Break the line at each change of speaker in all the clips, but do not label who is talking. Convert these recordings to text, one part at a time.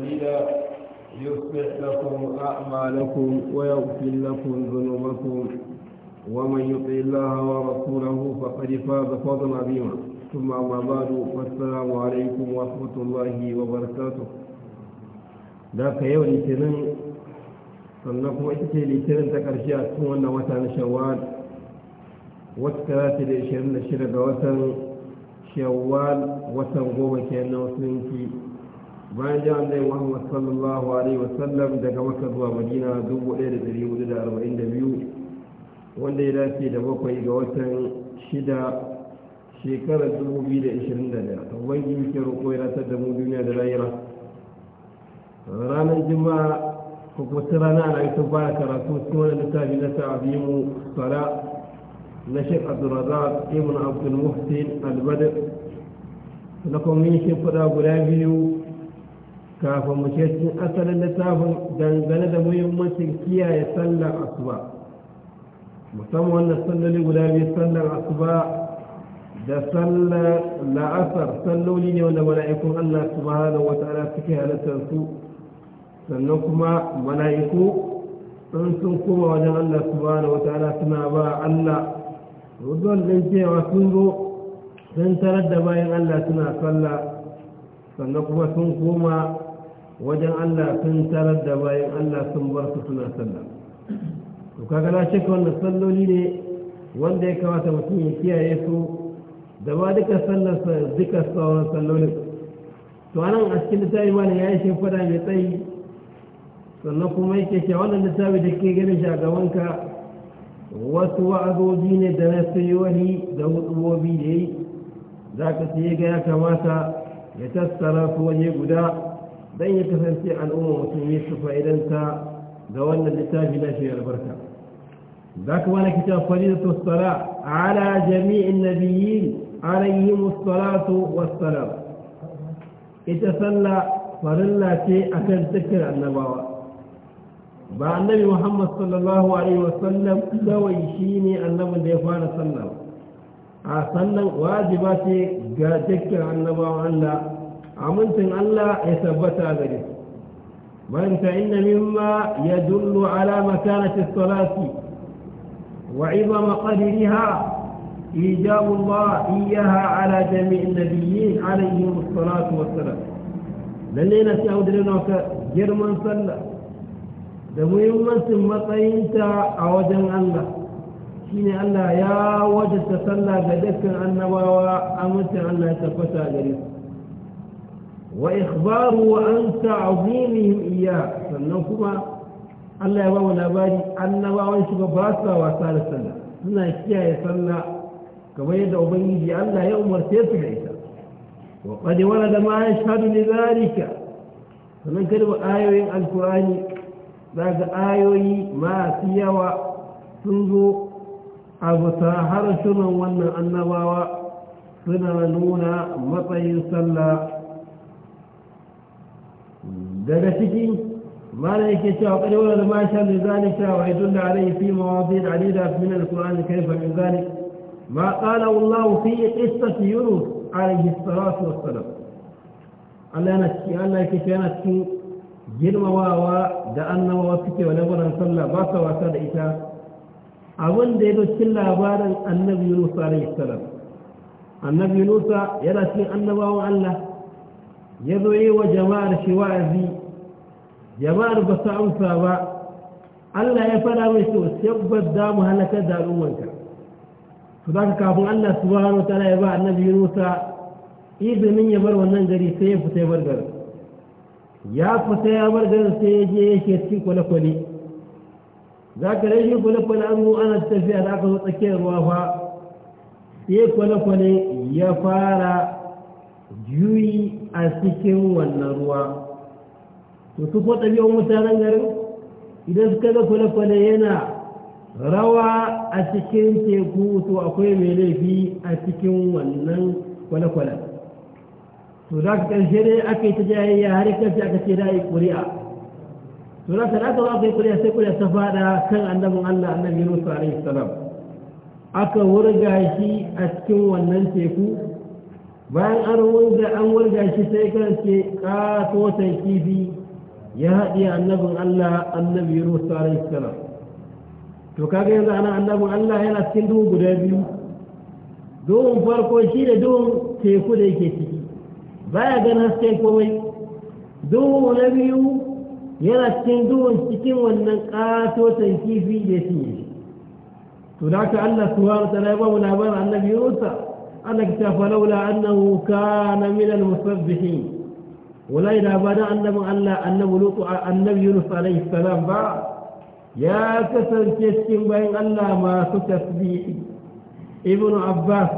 سبيلا يصلح لكم أعمالكم ويغفر لكم ذنوبكم ومن يطع الله ورسوله فقد فاز فوزا عظيما ثم أما بعد فالسلام عليكم ورحمة الله وبركاته ذاك يوم الاثنين sannan kuma ita ce litinin ta ƙarshe a cikin wannan wata na shawwal wata ta ce da 26 ga watan shawwal watan goma ke wasu yanki bayan jiran dai muhammad sallallahu alaihi wasallam daga maka zuwa madina dubu ɗaya da ɗari hudu da arba'in da biyu wanda ya dace da bakwai ga watan shida shekarar dubu biyu da ishirin da ɗaya ubangiji muke roƙo ya ratar da mu duniya da rayuwa ranar juma'a ko kuma ta rana ana yi ta karatu su wani littafi na mu. sala na shek abdulrazak ibn abdul muhsin albadr na kuma yin fada guda biyu kafin mu ce cikin asalin littafin dangane da muhimmancin kiyaye sallar asuba musamman wannan salloli guda biyu sallar asuba da sallar la'asar salloli ne wanda mala'ikun Allah subhanahu wa ta'ala suke halittar su sannan kuma mala'iku sun sun koma wajen Allah subhanahu wa ta'ala suna ba Allah rudon din cewa sun zo sun tarar da bayan Allah suna sallah sannan kuma sun koma wajen Allah sun tarar da bayan Allah sun bar su suna sallah to kaga na cika wannan salloli ne wanda ya kamata mutum ya kiyaye su da ba duka sallarsa duka sauran sallolin to anan a cikin littafi ma ya yi shimfada mai tsayi sannan kuma yake cewa wannan littafi da ke ganin shi a gabanka wasu wa'azoji ne da na wani da hutsubobi da yi za ka sai ga ya kamata ya tattara su waje guda دين كفرتي عن أمه وتميس فإذا أنت دولنا لتاج لا شيء البركة ذاك وانا كتاب فريضة الصلاة على جميع النبيين عليهم الصلاة والسلام اتصلى فرلا تي أكل تكر النبوة بعد النبي محمد صلى الله عليه وسلم لو يشيني النبوة ديفان صلى الله عليه وسلم آه، واجباتي قادك النبوة أن amincin Allah ya tabbata gare su مما يدل inna mimma الصلاة ala قدرها salati wa إيجاب الله إياها على جميع النبيين عليهم الصلاة والسلام للينا تعود لنا جرما صلى يوم من مطينت عوجا الله شين الله يا وجد تصلى قدك أن وأمت أن لا تفتى جريم wa ikhbaru wa an ta'zimihim iya sannan kuma Allah ya ba mu labari annabawan shi ba sa wasa da sallah suna kiyaye sallah kamar yadda ubangiji Allah ya umarce su da ita wa qad warada ma yashhadu li dhalika sannan kalma ayoyin alqur'ani daga ayoyi masu yawa sun zo a bisa harshunan wannan annabawa suna nuna matsayin sallah دبسكي ما لك يتعقل ولد ما يشهد لذلك ويدل عليه في مواضيع عديدة من القرآن الكريم من ذلك ما قال الله في قصة يونس عليه الصلاة والسلام ألا نسكي ألا يكفي نسكي جرم واوا دأنا ووسكي ونبرا صلى باسا وسد إتا أول ديد كل عبارة النبي يونس عليه السلام النبي يونس يرسي أنه وهو الله يدعي وجمار شوائزي jama'ar ba su amsa ba Allah ya fada mai to tabbas za mu halakar da al'ummanka to za kafin Allah subhanahu wa ya ba annabi Yunusa izinin ya bar wannan gari sai ya fita ya bar garin ya fita ya bar garin sai ya je yake cikin kwale-kwale za ka rashin kwale-kwale an zo ana tafiya da aka zo tsakiyar ruwa fa sai kwale-kwale ya fara juyi a cikin wannan ruwa to su ko ɗabi'un mutanen garin idan suka ga kwale-kwale yana rawa a cikin teku to akwai mai laifi a cikin wannan kwale-kwale to za ka ƙarshe dai aka yi ta jayayya har kanci aka ce da yi ƙuri'a to za ka da aka za yi ƙuri'a sai ƙuri'a ta faɗa kan annabin allah annabi yunus alaihi salam aka wurga shi a cikin wannan teku bayan an wurga an wurga shi sai kan ce ƙatotan kifi ya haɗe annabin Allah annabi Yunus alaihi salam to kaga yanzu ana annabin Allah yana cikin duhu guda biyu duhun farko shi da duhun teku da yake ciki baya ganin hasken komai duhu na biyu yana cikin duhun cikin wannan ƙatoton kifi da shi ne to da haka Allah subhanahu wa ta'ala ya ba mu labarin annabi Yunus Allah ya fa laula annahu kana min al-musabbihin Wala da ba da annabin Allah annabi lutu annabi yunus alaihi salam ba ya kasance cikin bayan Allah masu tasbihi Ibn abbas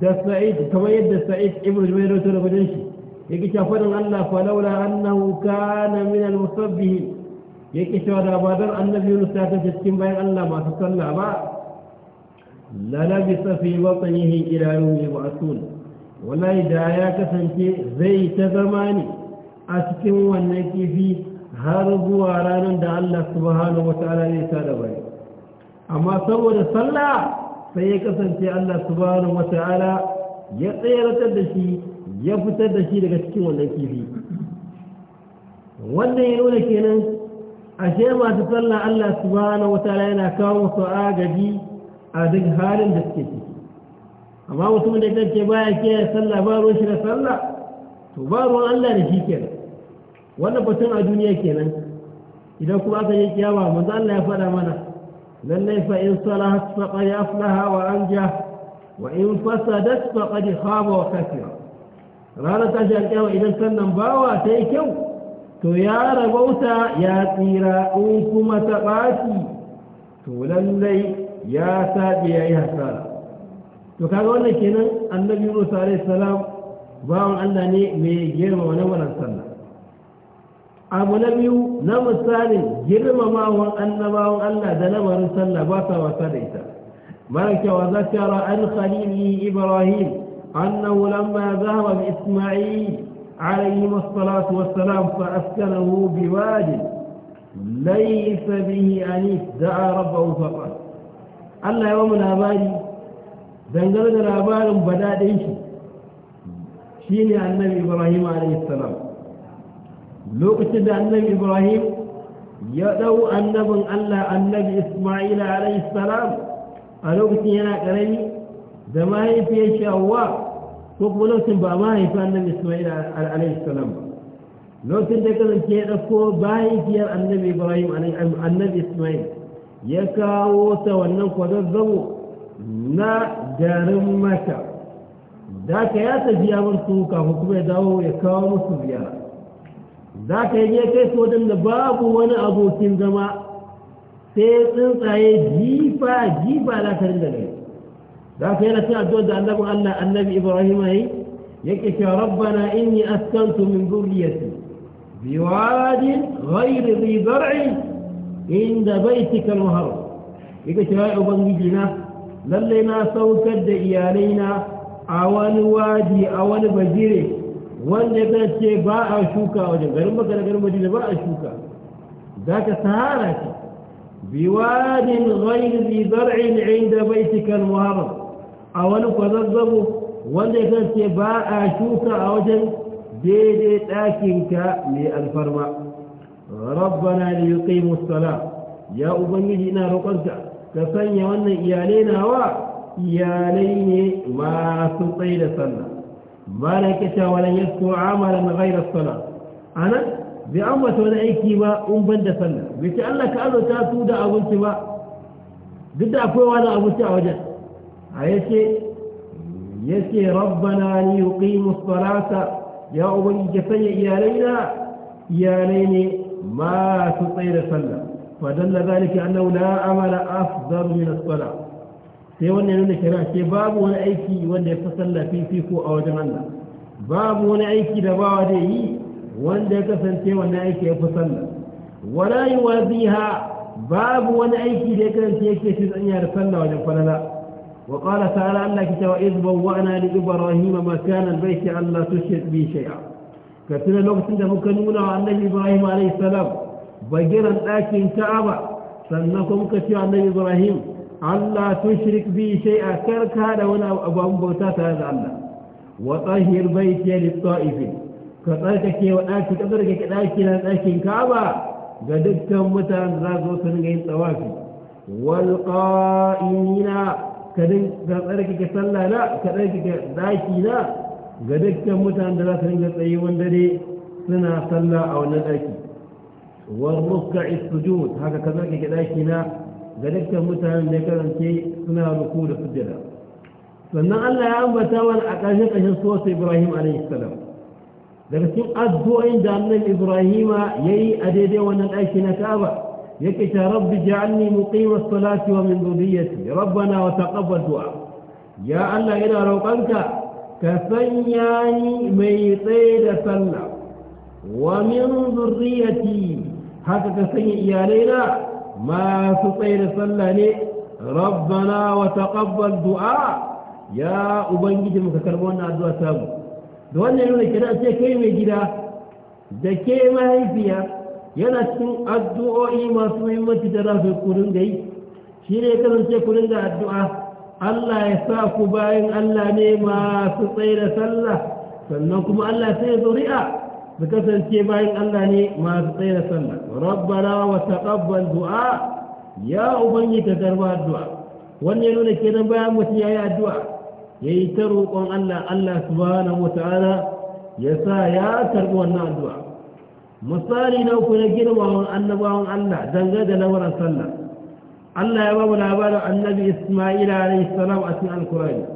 da sa'id kamar yadda sa'id Ibn jubair da wajen shi yake cewa fadin Allah fa laula annahu kana min al-musabbihin yake cewa da ba dan annabi yunus ta kasance cikin bayan Allah masu sallah ba la labisa fi batnihi ila yawmi ba'thun wallahi da ya kasance zai ta zama ne a cikin wannan kifi har zuwa ranar da Allah subhanahu wata'ala zai ta da bai amma saboda sallah sai ya kasance Allah subhanahu wata'ala ya tsayar da shi ya fitar da shi daga cikin wannan kifi wannan ya nuna kenan ashe masu sallah Allah subhanahu yana kawo su agaji a duk halin da suke ciki amma mutum da kake baya kiyaye sallah ba ruwan shi da sallah to ba ruwan Allah da shi kenan wannan batun a duniya kenan idan kuma aka yi kiyama manzo Allah ya faɗa mana lallai fa in salahat faqad aflaha wa anja wa in fasadat faqad khaba wa khasira ranar tashi alƙiyama idan sannan bawa ta yi kyau to ya rabauta ya tsira in kuma ta ɓaci to lallai ya saɓe ya yi hasara to kaga wannan kenan annabi Yunus alaihi salam bawon Allah ne mai girma wani wannan sallah abu na biyu na misalin girmamawan annabawan Allah da lamarin sallah ba sa wasa da ita malakewa za ta yara an khalili ibrahim أنه لما ذهب بإسماعيل عليهما الصلاة والسلام فأسكنه بواد ليس به أنيس دعا ربه فقال الله يوم الأباري dangane da labarin badaɗin shi shi ne annabi ibrahim alaihissalam lokacin da annabi ibrahim ya ɗau annabin allah annabi ismail alaihissalam a lokacin yana ƙarami da mahaifiyar shawwa ko kuma lokacin ba mahaifi annabi ismail alaihissalam ba lokacin da kasance ya ɗauko mahaifiyar annabi ibrahim annabi ismail ya kawo ta wannan kwazazzabo na garin maka za ka ya tafi yawon tuka hukumar ya dawo ya kawo musu ziyara za ka yi kai su waɗanda babu wani abokin zama sai tsuntsaye jifa jifa lakarin da gari za ka yana cin addu'ar da annabin allah annabi ibrahim ya yi yake cewa rabbana inni askantu min zurriyati biwadin ghairi dhi zar'in inda baitika al-muharram yake cewa ubangiji na lalle na saukar da iyalaina a wani wadi a wani bajire wanda ya ce ba a shuka wajen garin maka da garin madina ba a shuka za ka sahara ce biwad ghayr zi zar'in 'inda baytika al-muharram a wani kwazazzabo wanda ya ce ba a shuka a wajen daidai ɗakinka mai alfarma rabbana liyuqimus salat ya ubangiji ina roƙonka ka sanya wannan iyalai nawa iyalai ne masu tsaye da sallah ba na ke cewa nan ya so amala na sallah a nan bai ambata wani aiki ba in ban da sallah bai ce allah ka azauta su da abinci ba duk da akwai wani abinci a wajen a ya ce ya ce rabbana ni yuqimu salata ya ubangi ka sanya iyalai na iyalai ne masu tsaye da sallah ودل ذلك أنه لا عمل أفضل من الصلاة sai wannan nuna shari'a ce babu wani aiki wanda ya fi sallah fifiko a wajen Allah babu wani aiki da bawa da yi wanda ya kasance wannan aiki ya fi sallah wala yuwaziha babu wani aiki da ya kasance yake shi tsanya da sallah wajen falala wa qala ta'ala Allah kita wa iz bawwa'na li ibrahima makana albayti alla tushrik bi shay'a ka tuna lokacin da muka nuna wa annabi ibrahim alayhi salam bagiran ɗakin ka'aba sannan kuma ka ce annabi ibrahim allah tushrik bi shay'a kar ka da wani abu bauta tare da allah wa tahir baiti lil ta'ifin ka tsarkake wa ɗaki ka tsarkake ɗaki na ɗakin ka'aba ga dukkan mutanen za su su ga yin tsawafi wal qa'imina ka dinga tsarkake sallah na ka tsarkake ɗaki na ga dukkan mutanen da za su dinga tsaye wanda dai suna sallah a wannan ɗaki والركع السجود هذا كذلك كذلك ذلك متهم ذكرن شيء سنا ركوع السجدة فإن الله تاول والأقاشة أشياء صوت إبراهيم عليه السلام ذلك إن جعلنا إبراهيم يي أديدي ونالأشنا كعبة يكت رب جعلني مقيم الصلاة ومن ذريتي ربنا وتقبل دعاء يا الله إلى روقنك كفنياني ميطيد صلى ومن ذريتي haka ka sanya iyalai na masu tsaye da sallah ne rabbana wa taqabbal du'a ya ubangiji muka karɓi wannan addu'a samu da wannan nuna kira ce kai mai gida da ke mahaifiya yana cikin addu'o'i masu muhimmanci da rafi kurin da yi shi ne kasance kurin da addu'a Allah ya sa ku bayan Allah ne masu tsaye da sallah sannan kuma Allah sai zuri'a su kasance bayan Allah ne masu tsaye da sallah rabbana wa taqabbal du'a ya ubangi ta garba addu'a wannan ya nuna kenan bayan mutum yayi addu'a yayi ta roƙon Allah Allah subhanahu wataala ya sa ya karbi wannan addu'a misali na uku na girmawan annabawan Allah dangane da lamarin sallah Allah ya ba mu labarin annabi Isma'ila alayhi salam a cikin Alkurani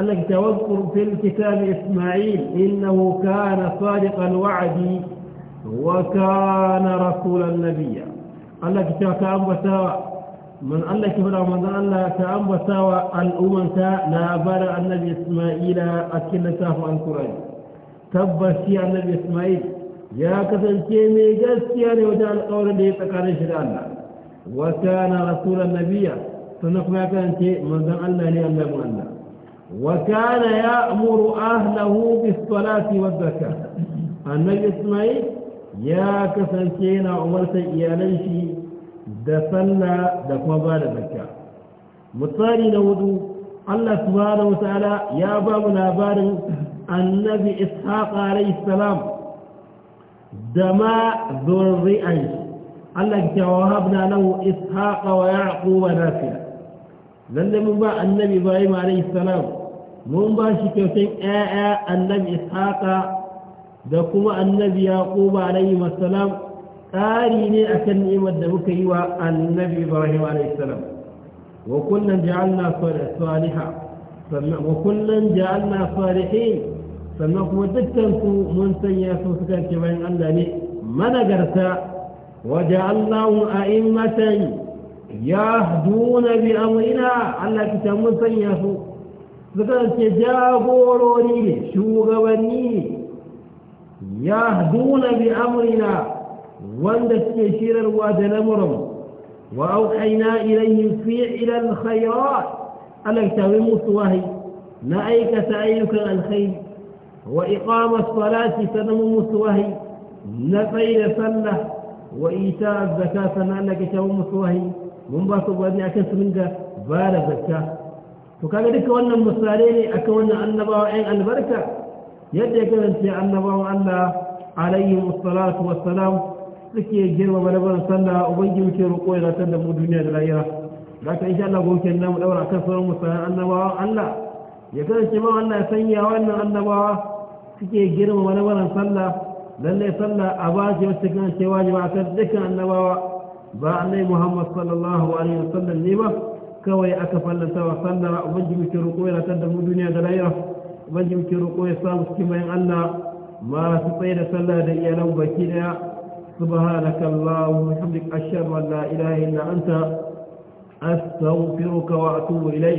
أنك توكل في الكتاب إسماعيل إنه كان صادق الوعد وكان رسول النبي التي كأنبتا من الله كبر من الله كأنبتا الأمم لا بر النبي إسماعيل قرآن القرآن تبشي النبي إسماعيل يا كثر كيمي جسياني يعني وجاء القول اللي تكاري الله وكان رسول النبي فنقمع كانت من الله لأنه الله وكان يأمر أهله بالصلاة والزكاة النبي إسماعيل يا كسنكينا عمرت إياليشي دفلنا دفوبان الزكاة misali na hudu Allah subhanahu wataala ya ba mu labarin annabi ishaq alayhi salam da ma zurri'ai Allah ya wahabna lahu ishaq wa yaqub nafiya lalle ba annabi ibrahim mun ba shi kyautan ‘ya'ya annabi ishaqa da kuma annabi yaquba alayhi wasalam ƙari ne a kan ni'imar da muka yi wa annabi ibrahim alayhi salam wa kullum ja'alna saliha sannan wa kullum ja'alna salihin sannan kuma dukkan su mun sanya su suka ce bayan Allah ne managarta wa bi أئمة allah بأمرنا mun sanya su su kasance jagorori ne shugabanni ne ya duna bi amrina wanda suke shirarwa da lamurin wa auhaina ilayhim fi'ila alkhairat Allah ta yi musu wahayi na aikata ayyukan alkhairi wa iqama salati sanamu musu wahayi na tsaida sallah wa ita zakata na Allah ta yi musu wahayi mun ba su gwani akan su dinga ba da zakka to kaga duka wannan misali ne a kan wannan annabawa yan albarka yadda ya kasance annabawan Allah alaihi wassalatu wassalam suke girmama na sallah ubangiji muke roƙo ya ratar da mu duniya da lahira za ka insha Allah gobe kenan mu daura kan sauran musallan annabawa Allah ya kasance ma Allah ya sanya wannan annabawa suke girmama na sallah lallai sallah a ba shi wacce kan cewa jama'a kan dukkan annabawa ba annai Muhammad sallallahu alaihi wasallam ne ba kawai aka fallasa wa sallara ubangi muke roƙo ya ratar da mu duniya da lahira ubangi muke roƙo ya samu cikin bayan Allah masu tsaye da sallah da iyalan baki daya subhanaka allahumma hamdik ashhadu an la ilaha illa anta astaghfiruka wa atubu ilayk